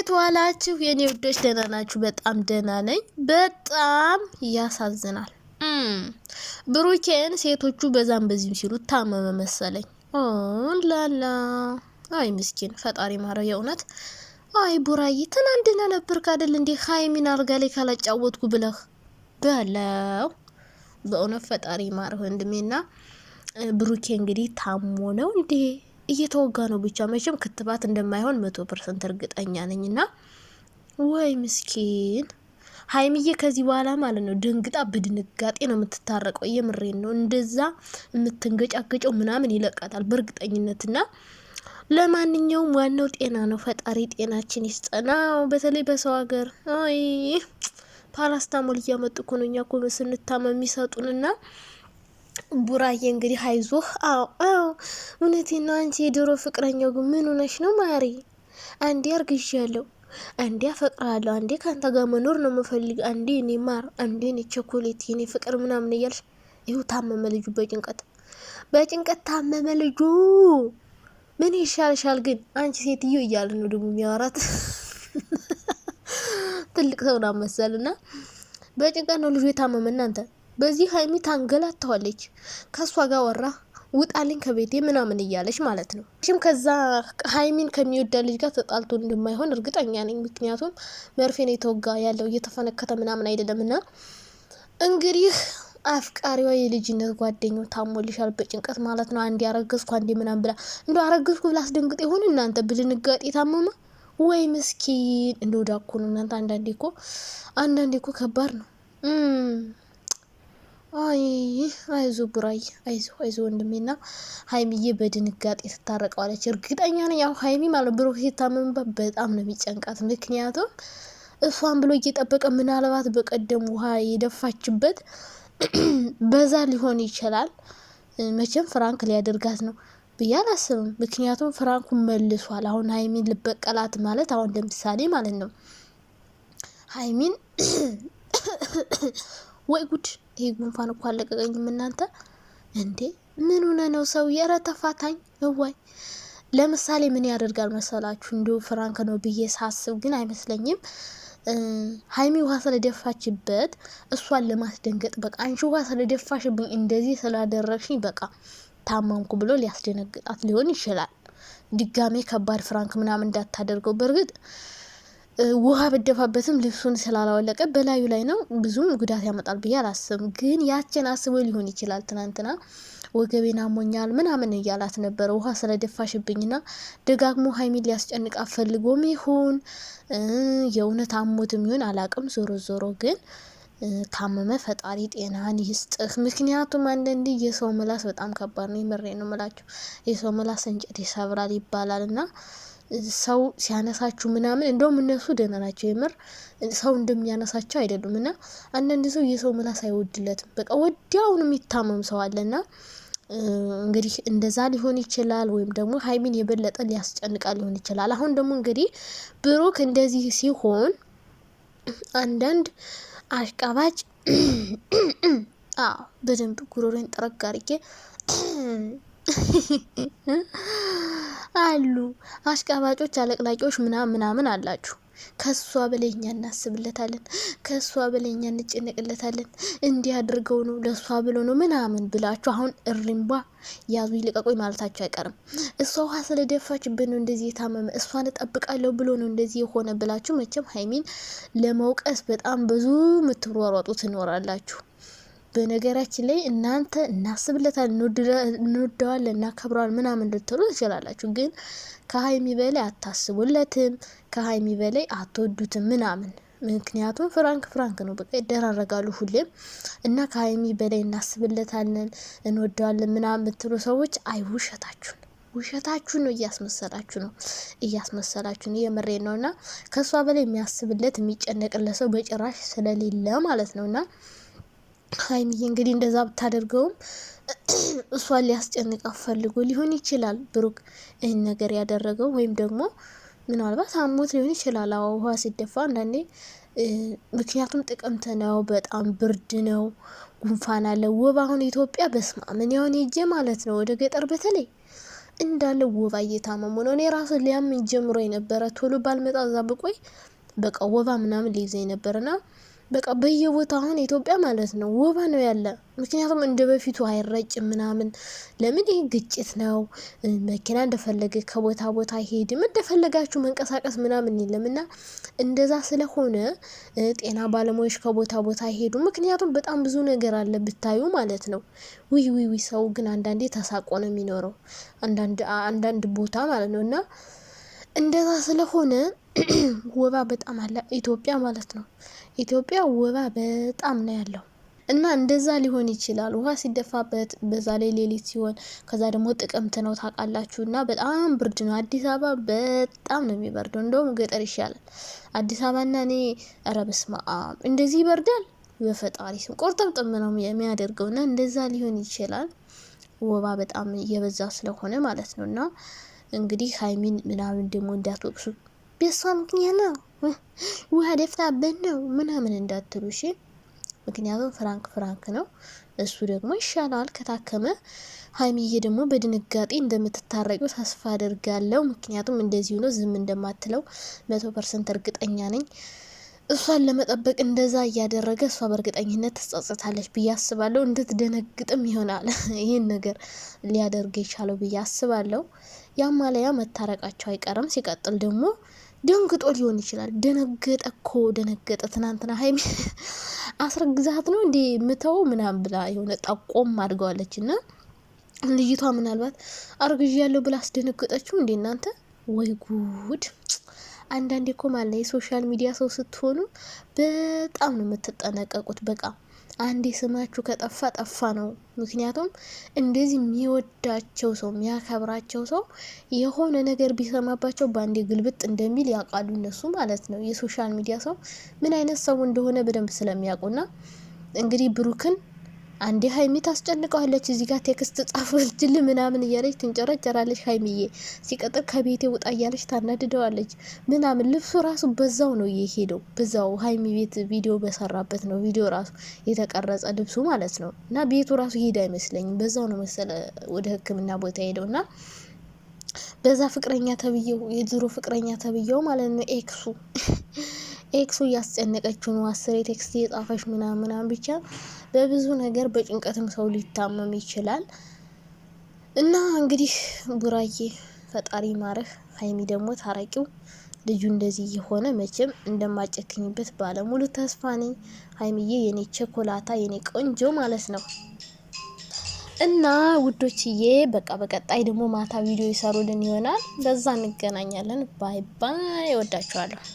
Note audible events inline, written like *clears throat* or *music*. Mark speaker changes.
Speaker 1: እንዴት ዋላችሁ የኔ ውዶች? ደህና ናችሁ? በጣም ደህና ነኝ። በጣም ያሳዝናል። ብሩኬን ሴቶቹ በዛም በዚህም ሲሉ ታመመ መሰለኝ። ላላ አይ ምስኪን ፈጣሪ ማረው የእውነት አይ ቡራዬ ትናንትና ነበርክ አይደል እንዴ ሀይሚን አልጋ ላይ ካላጫወትኩ ብለህ በለው። በእውነት ፈጣሪ ማረው ወንድሜና ብሩኬ እንግዲህ ታሞ ነው እንዴ እየተወጋ ነው ብቻ። መቼም ክትባት እንደማይሆን መቶ ፐርሰንት እርግጠኛ ነኝ። እና ወይ ምስኪን ሀይምዬ ከዚህ በኋላ ማለት ነው ደንግጣ በድንጋጤ ነው የምትታረቀው። የምሬን ነው። እንደዛ የምትንገጫገጨው ምናምን ይለቃታል በእርግጠኝነትና ለማንኛውም ዋናው ጤና ነው። ፈጣሪ ጤናችን ይስጠና። በተለይ በሰው ሀገር አይ ፓራስታሞል እያመጡ እኮ ነው እኛ እኮ ስንታመም የሚሰጡንና ቡራዬ እንግዲህ አይዞህ። አዎ አዎ፣ እውነቴን ነው። አንቺ የድሮ ፍቅረኛው ግን ምን ሆነሽ ነው ማሪ? አንዴ አርግዣለሁ፣ አንዴ አፈቅራለሁ፣ አንዴ ከአንተ ጋር መኖር ነው የምፈልግ፣ አንዴ እኔ ማር፣ አንዴ እኔ ቸኮሌት፣ የኔ ፍቅር ምናምን እያልሽ ይሁ ታመመ ልጁ። በጭንቀት በጭንቀት ታመመ ልጁ። ምን ይሻልሻል ግን አንቺ ሴትዮ እያለ ነው ደግሞ የሚያወራት። *laughs* ትልቅ ሰው ናመሰል እና በጭንቀት ነው ልጁ የታመመ እናንተ በዚህ ሀይሚ ታንገላታዋለች። ከእሷ ጋር ወራ ውጣልኝ ከቤቴ ምናምን እያለች ማለት ነው። ሽም ከዛ ሀይሚን ከሚወዳ ልጅ ጋር ተጣልቶ እንደማይሆን እርግጠኛ ነኝ። ምክንያቱም መርፌን የተወጋ ያለው እየተፈነከተ ምናምን አይደለም። እና እንግዲህ አፍቃሪዋ የልጅነት ጓደኛው ታሞልሻል በጭንቀት ማለት ነው። አንዴ አረገዝኩ አንዴ ምናምን ብላ እንደ አረገዝኩ ብላ አስደንግጥ ይሆን እናንተ ብድንጋጤ ታመመ ወይ ምስኪን እንደወዳኩ ነው። እናንተ አንዳንዴ እኮ አንዳንዴ እኮ ከባድ ነው። አይ አይዞ ቡራይ አይዞ አይዞ ወንድሜና ሀይሚዬ በድንጋጤ ትታረቀዋለች። እርግጠኛ ነኝ። ያው ሀይሚ ማለት ብሩክ ሲታመምባት በጣም ነው የሚጨንቃት። ምክንያቱም እሷን ብሎ እየጠበቀ ምናልባት በቀደም ውሃ የደፋችበት *clears throat* በዛ ሊሆን ይችላል። መቼም ፍራንክ ሊያደርጋት ነው ብዬ አላስብም። ምክንያቱም ፍራንኩን መልሷል። አሁን ሀይሚን ልበቀላት ማለት አሁን ለምሳሌ ማለት ነው ሀይሚን *clears throat* ወይ ጉድ! ይሄ ጉንፋን እኮ አለቀቀኝም እናንተ እንዴ! ምን ሆነ ነው ሰው የረ ተፋታኝ እዋይ ለምሳሌ ምን ያደርጋል መሰላችሁ? እንዲሁ ፍራንክ ነው ብዬ ሳስብ ግን አይመስለኝም። ሀይሚ ውሃ ስለደፋችበት እሷን ለማስደንገጥ በቃ አንቺ ውሃ ስለደፋሽብኝ እንደዚህ ስላደረግሽኝ በቃ ታማምኩ ብሎ ሊያስደነግጣት ሊሆን ይችላል። ድጋሜ ከባድ ፍራንክ ምናምን እንዳታደርገው በእርግጥ ውሃ ብደፋበትም ልብሱን ስላላወለቀ በላዩ ላይ ነው። ብዙም ጉዳት ያመጣል ብዬ አላስብም። ግን ያችን አስቦ ሊሆን ይችላል። ትናንትና ወገቤን አሞኛል ምናምን እያላት ነበረ። ውሃ ስለደፋሽብኝና ደጋግሞ ሀይሚን ሊያስጨንቅ አፈልጎም ይሁን የእውነት አሞትም ይሁን አላቅም። ዞሮ ዞሮ ግን ካመመ ፈጣሪ ጤናን ይስጥህ። ምክንያቱም አንዳንዴ የሰው ምላስ በጣም ከባድ ነው። የምሬ ነው ምላቸው። የሰው ምላስ እንጨት ይሰብራል ይባላል እና ሰው ሲያነሳችሁ ምናምን እንደውም እነሱ ደህና ናቸው። የምር ሰው እንደሚያነሳቸው አይደሉም። እና አንዳንድ ሰው የሰው ምላስ አይወድለትም። በቃ ወዲያውኑ የሚታመም ሰው አለና እንግዲህ እንደዛ ሊሆን ይችላል። ወይም ደግሞ ሀይሚን የበለጠ ሊያስጨንቃ ሊሆን ይችላል። አሁን ደግሞ እንግዲህ ብሩክ እንደዚህ ሲሆን አንዳንድ አሽቃባጭ በደንብ ጉሮሮን ጠረግ አርጌ አሉ አሽቃባጮች፣ አለቅላቂዎች ምናምን ምናምን አላችሁ። ከሷ በላይ እኛ እናስብለታለን፣ ከሷ በላይ እኛ እንጨነቅለታለን። እንዲህ አድርገው ነው ለሷ ብሎ ነው ምናምን ብላችሁ አሁን እሪምባ ያዙ ይልቀቁኝ ማለታችሁ አይቀርም። እሷ ውሃ ስለደፋችብን ነው እንደዚህ የታመመ እሷን እጠብቃለሁ ብሎ ነው እንደዚህ የሆነ ብላችሁ መቼም ሀይሚን ለመውቀስ በጣም ብዙ የምትሯሯጡ ትኖራላችሁ። በነገራችን ላይ እናንተ እናስብለታል፣ እንወደዋለን፣ እናከብረዋል ምናምን ልትሉ ትችላላችሁ። ግን ከሀይሚ በላይ አታስቡለትም፣ ከሀይሚ በላይ አትወዱትም ምናምን ምክንያቱም ፍራንክ ፍራንክ ነው፣ በቃ ይደራረጋሉ ሁሌም እና ከሀይሚ በላይ እናስብለታለን እንወደዋለን ምናምን የምትሉ ሰዎች አይ ውሸታችሁ ነው፣ ውሸታችሁ ነው፣ እያስመሰላችሁ ነው፣ እያስመሰላችሁ ነው። የምሬ ነው። እና ከእሷ በላይ የሚያስብለት የሚጨነቅለት ሰው በጭራሽ ስለሌለ ማለት ነው እና ሀይሚዬ እንግዲህ እንደዛ ብታደርገውም እሷን ሊያስጨንቃ ፈልጎ ሊሆን ይችላል ብሩክ ይህን ነገር ያደረገው ወይም ደግሞ ምናልባት አሞት ሊሆን ይችላል። አዎ ውሃ ሲደፋ አንዳንዴ ምክንያቱም ጥቅምት ነው፣ በጣም ብርድ ነው፣ ጉንፋን አለ፣ ወባ አሁን ኢትዮጵያ በስማ ምን ያሁን ሄጄ ማለት ነው ወደ ገጠር በተለይ እንዳለ ወባ እየታመሙ ነው። እኔ ራሱ ሊያምን ጀምሮ የነበረ ቶሎ ባልመጣ እዛ ብቆይ በቃ ወባ ምናምን ሊይዘ ና በቃ በየቦታ አሁን ኢትዮጵያ ማለት ነው ወባ ነው ያለ። ምክንያቱም እንደ በፊቱ አይረጭም ምናምን። ለምን ይህ ግጭት ነው። መኪና እንደፈለገ ከቦታ ቦታ አይሄድም። እንደፈለጋችሁ መንቀሳቀስ ምናምን የለም እና እንደዛ ስለሆነ ጤና ባለሙያዎች ከቦታ ቦታ ይሄዱ። ምክንያቱም በጣም ብዙ ነገር አለ ብታዩ ማለት ነው። ውይ ውይ ውይ! ሰው ግን አንዳንዴ ተሳቆ ነው የሚኖረው አንዳንድ ቦታ ማለት ነው እና እንደዛ ስለሆነ *clears throat* ወባ በጣም አለ ኢትዮጵያ ማለት ነው። ኢትዮጵያ ወባ በጣም ነው ያለው እና እንደዛ ሊሆን ይችላል። ውሃ ሲደፋበት በዛ ላይ ሌሊት ሲሆን ከዛ ደግሞ ጥቅምት ነው ታውቃላችሁ። እና በጣም ብርድ ነው። አዲስ አበባ በጣም ነው የሚበርደው። እንደውም ገጠር ይሻላል። አዲስ አበባና እኔ ኧረ በስመ አብ እንደዚህ ይበርዳል። በፈጣሪ ስም ቆርጥምጥም ነው የሚያደርገው። እና እንደዛ ሊሆን ይችላል። ወባ በጣም እየበዛ ስለሆነ ማለት ነው። እና እንግዲህ ሀይሚን ምናምን ደግሞ እንዳትወቅሱ በሷ ምክንያት ነው ውሃ ደፍታብን ነው ምናምን እንዳትሉ ምክንያቱም ፍራንክ ፍራንክ ነው። እሱ ደግሞ ይሻለዋል ከታከመ። ሀይሚዬ ደግሞ በድንጋጤ እንደምትታረቂው ተስፋ አድርጋለሁ። ምክንያቱም እንደዚህ ሆኖ ዝም እንደማትለው መቶ ፐርሰንት እርግጠኛ ነኝ። እሷን ለመጠበቅ እንደዛ እያደረገ እሷ በእርግጠኝነት ትጸጽታለች ብዬ አስባለሁ። እንድትደነግጥም ይሆናል *laughs* ይህን ነገር ሊያደርግ የቻለው ብዬ አስባለሁ። ያም መታረቃቸው አይቀርም። ሲቀጥል ደግሞ ደንግጦ ሊሆን ይችላል። ደነገጠ እኮ ደነገጠ። ትናንትና ሀይሚ *laughs* አስረግዛት ነው እንዴ ምተው ምናምን ብላ የሆነ ጠቆም አድርገዋለች። እና ልጅቷ ምናልባት አርግዥ ያለው ብላ አስደነገጠችው እንዴ እናንተ። ወይ ጉድ! አንዳንዴ እኮ ማለት የሶሻል ሚዲያ ሰው ስትሆኑ በጣም ነው የምትጠነቀቁት በቃ አንዴ ስማችሁ ከጠፋ ጠፋ ነው። ምክንያቱም እንደዚህ የሚወዳቸው ሰው የሚያከብራቸው ሰው የሆነ ነገር ቢሰማባቸው በአንዴ ግልብጥ እንደሚል ያውቃሉ እነሱ ማለት ነው። የሶሻል ሚዲያ ሰው ምን አይነት ሰው እንደሆነ በደንብ ስለሚያውቁና እንግዲህ ብሩክን አንዴ ሀይሚ ታስጨንቀዋለች፣ እዚህ ጋር ቴክስት ጻፈችል ምናምን እያለች ትንጨረጨራለች። ሀይሚዬ ሲቀጥል ከቤቴ ውጣ እያለች ታናድደዋለች ምናምን። ልብሱ ራሱ በዛው ነው የሄደው፣ በዛው ሀይሚ ቤት ቪዲዮ በሰራበት ነው ቪዲዮ ራሱ የተቀረጸ ልብሱ ማለት ነው። እና ቤቱ ራሱ ሄደ አይመስለኝም፣ በዛው ነው መሰለ ወደ ሕክምና ቦታ ሄደው እና በዛ ፍቅረኛ ተብዬው የድሮ ፍቅረኛ ተብዬው ማለት ነው ኤክሱ ኤክሱ እያስጨነቀችው ነው። አስሬ ቴክስት እየጻፈች ብቻ በብዙ ነገር በጭንቀትም ሰው ሊታመም ይችላል እና እንግዲህ ቡራዬ ፈጣሪ ማረህ። ሀይሚ ደግሞ ታረቂው። ልጁ እንደዚህ የሆነ መቼም እንደማጨክኝበት ባለሙሉ ተስፋ ነኝ። ሀይሚዬ የኔ ቸኮላታ የኔ ቆንጆ ማለት ነው። እና ውዶችዬ በቃ በቀጣይ ደግሞ ማታ ቪዲዮ ይሰሩልን ይሆናል። በዛ እንገናኛለን። ባይ ባይ። እወዳችኋለሁ።